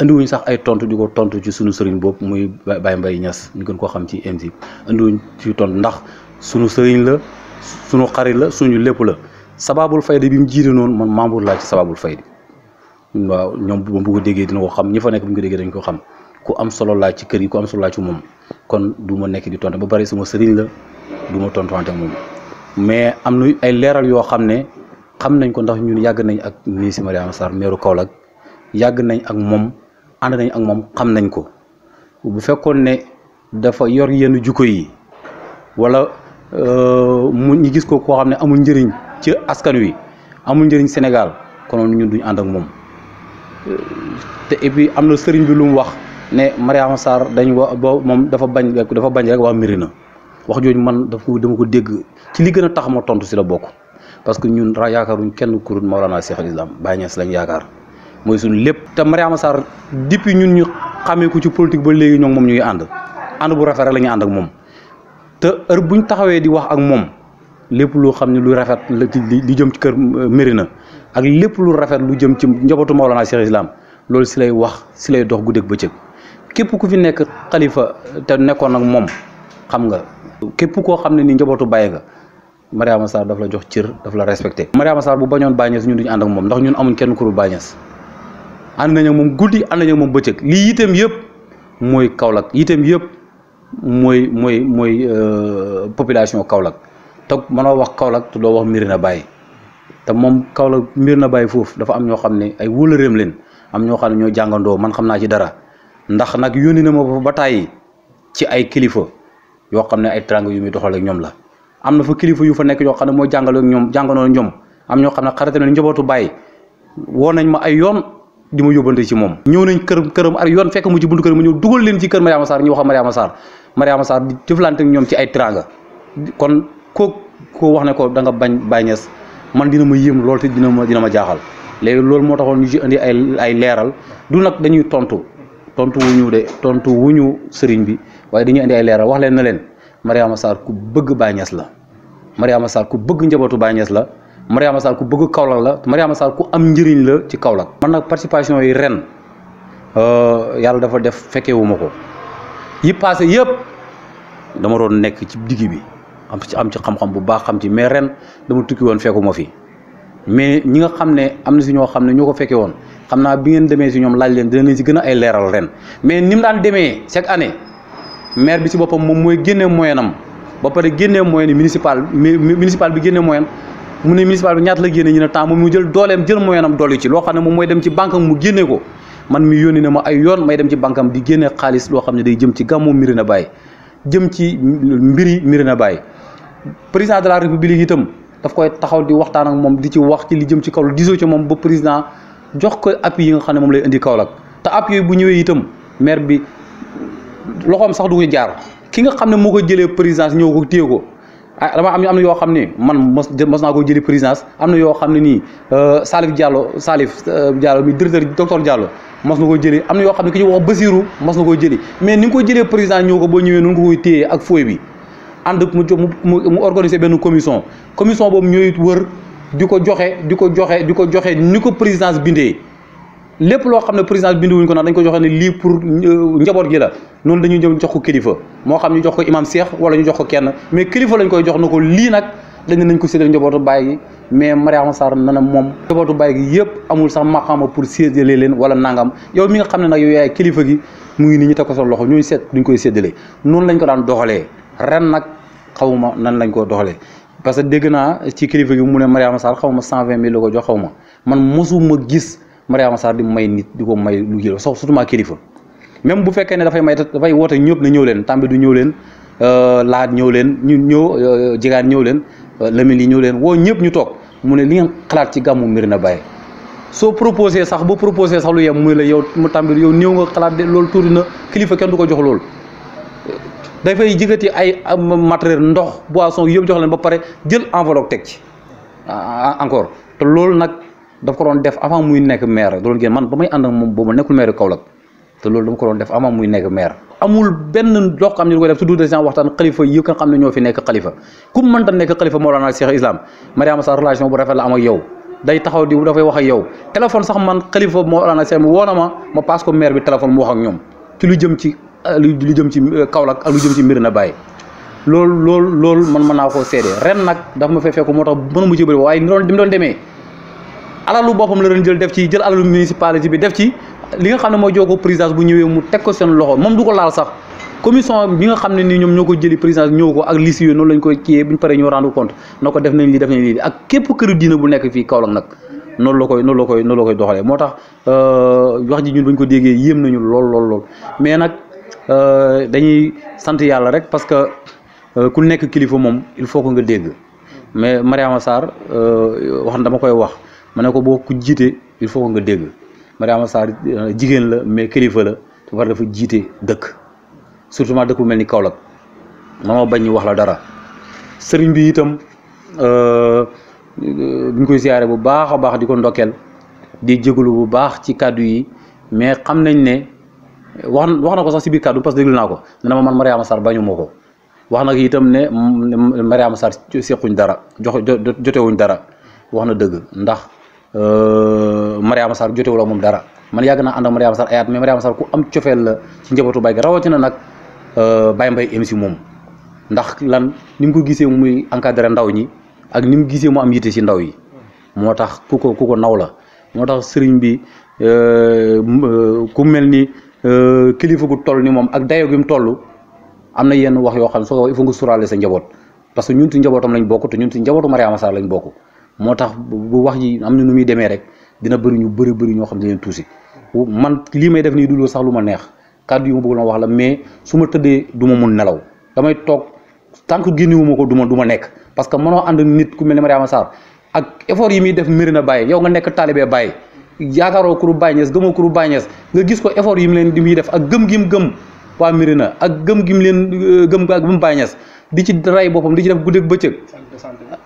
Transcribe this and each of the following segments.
indiwuñ sax ay tontu di ko tontu ci sunu sëriñ boobu muy Baye Mbaye Niass ñu gën koo xam ci MC indiwuñ ci tontu ndax sunu sëriñ la sunu xarit la suñu lépp la sababul fayda bi mu jiite noonu man membre laa ci sababul fayda waaw ñoom bu ma ko déggee dina ko xam ñi fa nekk mu ñu ko déggee dañ ko xam ku am solo laa ci kër gi ku am solo laa ci moom kon du ma nekk di tontu ba bari suma sëriñ la du ma tontuwante moom mais am na ay leeral yoo xam ne xam nañ ko ndax ñun yàgg nañ ak ministre Mariama Sarr meeru Kaolack yàgg nañ ak moom and nañ ak mom xam nañ ko bu fekkone ne dafa yor yenn jukko yi wala euh, mu ñu gis ko ko xamne amu ndirign ci askan wi amul njëriñ Sénégal konoon ñun duñ and ak mom te et puis am bi lu mu wax ne Mariama sar dañ wa ba moom dafa bañ rek dafa bañ rek wa mirina wax jooju man daf ko dama ko deg ci li gëna tax mo tontu ci la bokk parce que ñun yaakaaruñ kenn kurut maulana Cheikh al Islam bañ Niass lañ yaakar moy suñu lepp te Mariama sar depuis ñun ñu xamé ku ci politique ba légui ñok mom ñuy and and bu rafet rek lañu and ak mom te heure buñ taxawé di wax ak mom lepp lu xamni lu rafet la di jëm ci kër euh, Mérina ak lepp lu rafet lu jëm ci njabootu Maolana Cheikh Islam loolu silay wax silay lay dox guddeeg bëccëg képp ku fi nek khalifa te nekkon ak mom xam nga képp ko xamni ni njabootu baye ga Mariama sar daf la jox ciir daf la respecté Mariama sar bu bañon Baye ñun duñu and ak mom ndax ñun amuñ kenn ku lu Baye ànd nañu moom guddi ànd nañu moom bëccëg lii itam yëpp mooy Kaolack itam yëpp mooy mooy mooy euh, population Kaolack te mënoo wax Kaolack te doo wax Médina Baye te moom Kaolack Médina Baye foofu dafa am ñoo xam ne ay wóolëreem leen am ñoo xam ne ñoo jàngandoo man xam naa ci dara ndax nag yónni na ma ba tàyyi ci ay kilifa yoo xam ne ay trang yu muy doxal ñoom la am na fa kilifa yu fa nekk yoo xam ne moo jàngaloo ñoom jàngandoo ñoom am ñoo xam ne xarate na njabootu Baye woo nañ ma ay yoon. di ma yóbbante ci moom ñëw nañ kër këram a yoon fekk mu ci buntu kër mu ñëw dugal leen ci kër Mariama Sarr a Mariama Sarr Mariama Sarr di jëflante ak ñoom ci ay teraanga kon koo ko wax ne ko da nga bañ Baye man dina ma yéem lool te dina ma dina ma jaaxal léegi loolu moo taxoon ñu ci indi ay ay leeral du nag dañuy tontu tontu wuñu de tontu wu wuñu sëriñ bi waaye dañuy indi ay leeral wax leen na leen Mariama Sarr ku bëgg Baye la Mariama Sarr ku bëgg njabootu Baye la Mariama Sall ku bëgg Kaolack la Mariama Sall ku am njëriñ la ci Kaolack. man nag participation yi ren euh, yàlla dafa def fekkeewu ko yi passé yëpp dama doon nekk ci digg bi am ci am ci xam-xam bu baax xam ci mais ren dama tukki woon fekku ma fi mais ñi nga xam ne am na si ñoo xam ne ñoo ko fekke woon xam naa bi ngeen demee si ñoom laaj leen dina leen si gën ay leeral ren mais ni mu daan demee chaque année maire bi si boppam moom mooy génnee moyen am ba pare génnee moyen municipal municipal bi génnee moyen mu ne municipal bi ñaata la génne ñu ne temps moom mu jël dooleem jël moyenam dolli ci loo xam ne moom mooy dem ci banque am mu génne ko man mi yónni na ma ay yoon may dem ci banque am di génne xaalis loo xam ne day jëm ci gàmmu Médina Baye jëm ci mbiri Médina Baye président de la république itam daf koy taxaw di waxtaan ak moom di ci wax ci li jëm ci Kaolack disoo ci moom ba président jox ko appui yi nga xam ne moom lay indi Kaolack te appui yooyu bu ñëwee itam maire bi loxoom sax du ko jaar ki nga xam ne moo ko jëlee présidence ñëw ko téye ko ah dama am am na yoo xam ne man mos mos naa ko jëli présidence am na yoo xam ne nii euh, Salif Diallo Salif euh, Diallo mi directeur docteur Diallo mos na ko jëli am na yoo xam ne ki ñu wax Basirou mos na ko jëli mais ni nga ko jëlee président ñëw ko boo ñëwee nu nga koy téye ak fooy bi ànd mu mu mu organiser benn commission commission boobu ñooy wër di ko joxe di ko joxe di ko joxe ni ko présidence bindee. lépp loo xam ne président bindu wuñ ko nag dañ ko joxe ne lii pour euh, njaboot gi la noonu dañuy ñëw jox ko kilifa moo xam ñu jox ko imam Cheikh wala ñu jox ko kenn mais kilifa lañ koy jox na ko lii nag dañ ne nañ ko séddale njabootu baay gi mais Mariama Sarr na na moom njabootu baay gi yëpp amul sax maqaama pour séddale leen wala nangam yow mi nga xam ne nag yow kilifa gi mu ngi nii ñu teg ko sa loxo ñuy seet duñ koy séddale noonu lañ ko daan doxalee ren nag xawma nan lañ ko doxalee parce que dégg naa ci kilifa gi mu ne Mariama Sarr xaw ma cent vingt mille la ko jox xaw ma man mosuma gis Mariama Sarr di may nit di ko may lu jël sax surtout ma kilifa même bu fekkee ne dafay may dafay woote ñëpp na ñëw leen Tambidou ñëw leen euh, laat ñëw leen ñu ñëw euh, jigaan ñëw leen euh, Lamine yi ñëw leen woo ñëpp ñu toog mu ne li ngeen xalaat ci gàmmu Médina Baye soo proposé sax ba proposé sax lu yem muy la yow mu Tambidou yow néew nga xalaat de loolu tuuti na kilifa kenn du ko jox loolu dafay jigati ay matériel ndox boisson yëpp jox leen ba pare jël enveloppe teg ci encore te loolu nag daf ko doon def avant muy nekk maire da doon génn man ba may ànd ak moom boobu nekkul maire Kaolack te loolu dama ko doon def avant muy nekk maire amul benn loo xam ne du ko def su dudee gens waxtaan xalifa yi nga ñoo fi nekk xalifa ku mu mënta nekk xalifa Mawlana Cheikh Islam Mariama bu rafet la am ak yow day taxaw di dafay wax ak yow téléphone sax man xalifa Mawlana Cheikh woo na ma ma passe ko bi téléphone mu wax ak ñoom ci lu jëm ci euh, lu jëm ci euh, Kaolack ak lu jëm ci Médina loolu loolu loolu man mën naa koo seede ren nag dafa ma fee fekk moo tax mënu mu ci waaye ni doon di doon demee alalu boppam la doon jël def ci jël alalu municipalité bi def ci li nga xam ne mooy ko présidence bu ñëwee mu teg ko seen loxo moom du ko laal sax commission bi nga xam ne nii ñoom ñoo ko jëli présidence ñëw ko ak liste yooyu noonu lañ koy ciyee bu ñu paree ñoo rendre compte na ko def nañ lii diina bu nekk fii Kaolack nag noonu la koy noonu la koy noonu la koy moo tax euh, wax ji ñun buñ ko déggee yéem nañu lool lool lool mais nag euh, dañuy sant yàlla rek parce que euh, ku nekk kilifa moom il faut que nga dégg mais Mariama Sarr wax dama koy wax ma ne ko boo ko jiite il faut nga dégg Mariama Sarr euh, jigéen la mais kilifa la te war dafa jiite dëkk surtout ma dëkk bu mel ni Kaolack ma bañ ñu wax la dara sëriñ bi itam duñ euh, euh, koy siyaare bu baax a baax di ko ndokkeel di jégalu bu baax ci kàddu yi mais xam nañ ne wax wax na ko sax si biir kàddu parce que déglu naa ko ne na ma man Mariama Sarr bañu ma ko wax na itam ne Mariama Sarr sequñ dara jox jotewuñ dara wax na dëgg ndax Euh, Mariama Sarr jotewuloo moom dara man yàgg naa ànd ak Mariama Sarr ayaat mais Mariama Sarr ku am cofeel la ci njabootu bay gi rawatina nag euh, Baye Mbaye MC moom ndax lan nu mu ko gisee muy encadré ndaw ñi ak ni mu gisee mu am yitte si ndaw yi moo tax ku ko ku ko naw la moo tax sëriñ bi euh, ku mel ni kilifa gu toll ni moom ak dayo gi mu toll am na yenn wax yoo xam ne soo ko il faut nga suraale sa njaboot parce que ñun ci njabootam lañ bokk njabootu Mariama Sarr lañ bokk motax bu wax ji amna numuy démé rek dina bëri ñu bëri bëri ñoo xam dañu tousi man li may def ni du sax luma neex kaddu yu ma bëgg wax la mais suma ma duma mën nelaw damay tok tant que wu mako duma duma nekk parce que mëno and nit ku melni Mariama sar ak effort yi mi def mëri baye yow nga nekk taalibee bàyyi yaakaaroo kuru baye ñes gëmoo kuru baye ñes nga gis ko effort yi mi leen di mi def ak gëm gi mu gëm waa Mirina ak gëm gim leen euh, gëm ak gëm Baye Niass di ci ray boppam di ci def guddeeg bëccëg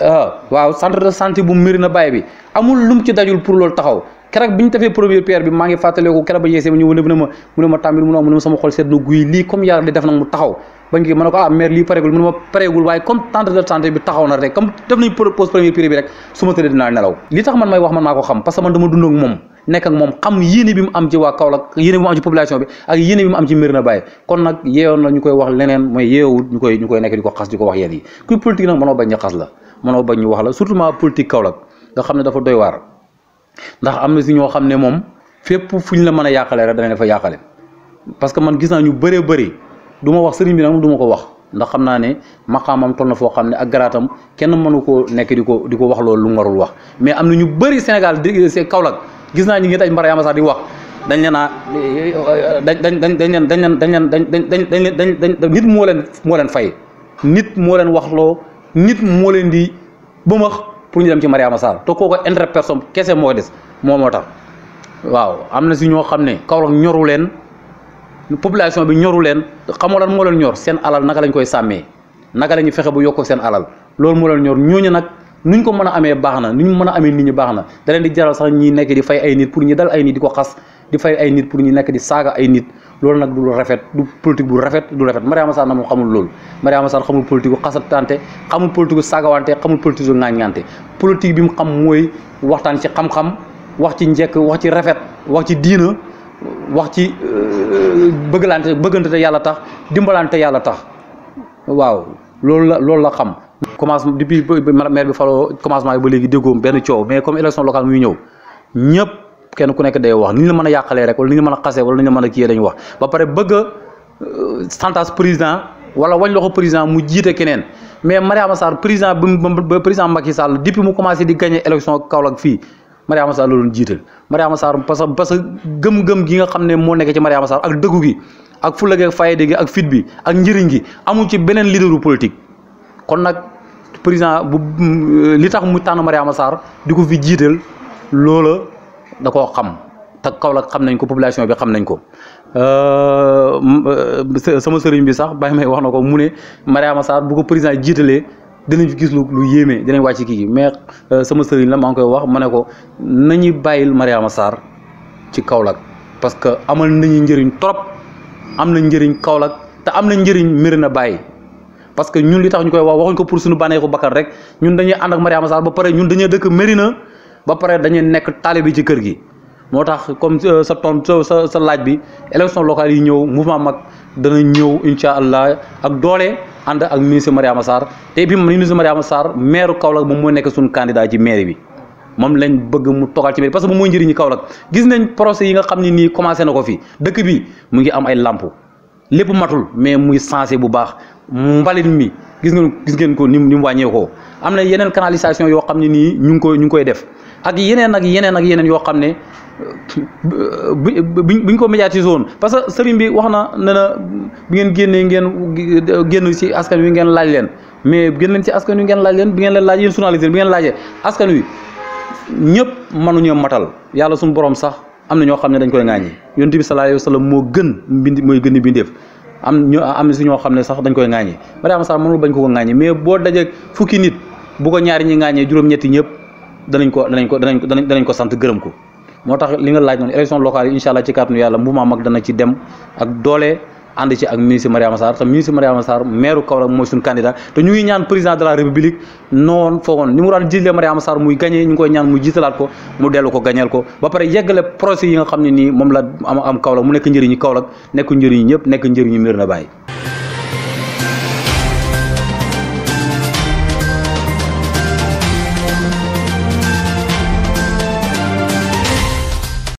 ah, waaw centre de santé bu Mirina Baye bi amul lum ci dajul pour loolu taxaw keroog bi ñu defee première pierre bi maa ngi fàttaleeku keroog ba ñu ñu wëne mu ne ma mu ne ma tàmbali mu ne ma sama na guy lii comme yàlla di def nag mu taxaw bañ ko ma ne ko ah maire lii pareegul mu ne ma pareegul waaye comme centre de santé bi taxaw na rek comme def nañ pose première pierre xam parce que man dama nek ak mom xam yene bi mu am ci wa Kaolack yene bi mu am ci population bi ak yene bi mu am ci mirna Baye kon nak yeewoon la ñukoy wax leneen moy yeewul ñukoy ñukoy nek diko xass diko wax yene ku politique nak mëno bañ ñu xass la mëno bañ ñu wax la surtout ma politique Kaolack nga xamne dafa doy war ndax amna ci ño xamne mom fépp fuñ la mëna yàqale rek danañ la fa yàqale parce que man gis na ñu bëré bëré duma wax sëriñ bi nak duma ko wax ndax xamna ne maqamam toll na foo xam ak garatam kenn mënu koo nekk diko ko wax lolou lu ngorul wax mais amna ñu bëri Sénégal di Kaolack gis naa ñi ngi taj Mariama Sarr di wax dañ leen a dañ dañ dañ dañ leen dañ leen dañ leen dañ dañ dañ dañ nit moo leen moo leen fay nit moo leen waxloo nit moo leen di bëmax pour ñu dem ci Mariama Sarr te kooku intérêt personne kese moo des moo moo tax waaw am na si ñoo xam ne Kaolack ñoru leen population bi ñoru leen xamoo lan moo leen ñor seen alal naka lañ koy sàmmee naka la ñuy fexe bu yokk seen alal loolu moo leen ñor ñooñu nag nuñ ko mën a amee baax na ñu mën a amee nit ñi baax na da di jaral sax ñi nekk di fay ay nit pour ñu dal ay nit di ko xas di fay ay nit pour ñu nekk di saaga ay nit loolu nag du rafet du politique bu rafet du rafet Mariama Sarr na moom xamul loolu Mariama Sarr xamul politique bu xasatante xamul politique bu saagawante xamul politique bu ŋaañŋante politique bi mu xam mooy waxtaan ci xam-xam wax ci njekk wax ci rafet wax ci diina wax ci euh, bëggalante bëggante te yàlla tax dimbalante yàlla tax waaw loolu la loolu la xam commence depuis maire bi faloo commencement bi ba léegi déggoom benn coow mais comme élection locale muy ñëw ñëpp kenn ku nekk day wax ni ñu la mën a yàqalee rek wala ni la mën a xasee wala ni ñu la mën a kiyee dañu wax ba pare bëgg a santas euh, président wala wañ loxo président mu jiite keneen mais Mariama Sarr président ba président Macky Sall depuis mu commencé di gagné élection Kaolack fii Mariama la doon jiital Mariama Sarr parce que parce que gëm-gëm gi nga xam ne moo nekk ci Mariama Sarr ak dëggu gi ak fulla gi ak fayda gi njëriñ gi amul ci beneen leaderu politique kon nag président bu euh, li tax mu tànn Mariama Sarr di ko fi jiital loola da koo xam te Kaolack xam nañ ko population bi xam nañ ko euh, sama sëriñ bi sax bàyyi may wax na ko mu ne Mariama Sarr bu ko président jiitalee dinañ fi gis lu lu yéeme dinañ wàcc kii mais euh, sama sëriñ la maa ngi koy wax ma ne ko nañu bàyyil Mariama Sarr ci Kaolack parce que amal nañu njëriñ trop am na njëriñ Kaolack te am na njëriñ na bàyyi parce que ñun li tax ñu koy wax waxuñ ko pour suñu bànneexu bakkan rek ñun dañuy ànd ak Mariama Sarr ba pare ñun dañuy dëkk Mérina ba pare dañuy nekk taalibe bi ci kër gi moo tax comme euh, sa ton sa sa laaj bi élection locale yi ñëw mouvement mag dana ñëw incha allah ak doole ànd ak ministre Mariama Sarr te bi ministre Mariama Sarr maire Kaolack moom mooy nekk suñu candidat ci mairie bi moom lañ bëgg mu toogal ci mairie parce que moom mooy njëriñu Kaolack gis nañ procès yi nga xam ne nii commencé na ko fi dëkk bi mu ngi am ay làmp lépp matul mais muy sensé bu baax mbalit mi gis ngeen gis ngeen ko ni mu ni mu wàññeekoo am na yeneen canalisation yoo xam ne nii ñu ngi koy ñu ngi koy def ak yeneen ak yeneen ak yeneen yoo xam ne bi biñ ko médiatisé woon parce que sëriñ bi wax na ne na bi ngeen génnee ngeen génn ci askan wi ngeen laaj leen mais génn leen ci askan wi ngeen laaj leen bi ngeen leen laaj yéen journaliste bi ngeen laajee askan wi ñëpp mënuñoo matal yàlla suñu borom sax am na ñoo xam ne dañ koy ŋaañi yonent bi sallallahu alayhi wa sallam moo gën mbind mooy gën a bindeef am ñu am si ñoo xam ne sax dañ koy ŋaañee Mariama Sarr mënul bañ ko ko ŋaañee mais boo dajee fukki nit bu ko ñaari ñi ŋaañee juróom-ñetti ñëpp danañ ko danañ ko danañ ko danañ ko sant gërëm ko moo tax li nga laaj noonu élection locale yi incha allah ci kàttanu yàlla mouvement mag dana ci dem ak doole ànd ci ak ministre Mariama Sarr te ministre Mariama Sarr maire Kaolack mooy suñu candidat te ñu ngi ñaan président de la république noonu foogoon ni mu daan jiitlee Mariama Sarr muy gagné ñu ngi ñaan mu jiitalaat ko mu dellu ko gañeel ko ba pare yeggale projet yi nga xam ne nii moom la am am Kaolack mu nekk njëriñu Kaolack nekk njëriñu ñëpp nekk njëriñu Médina Baye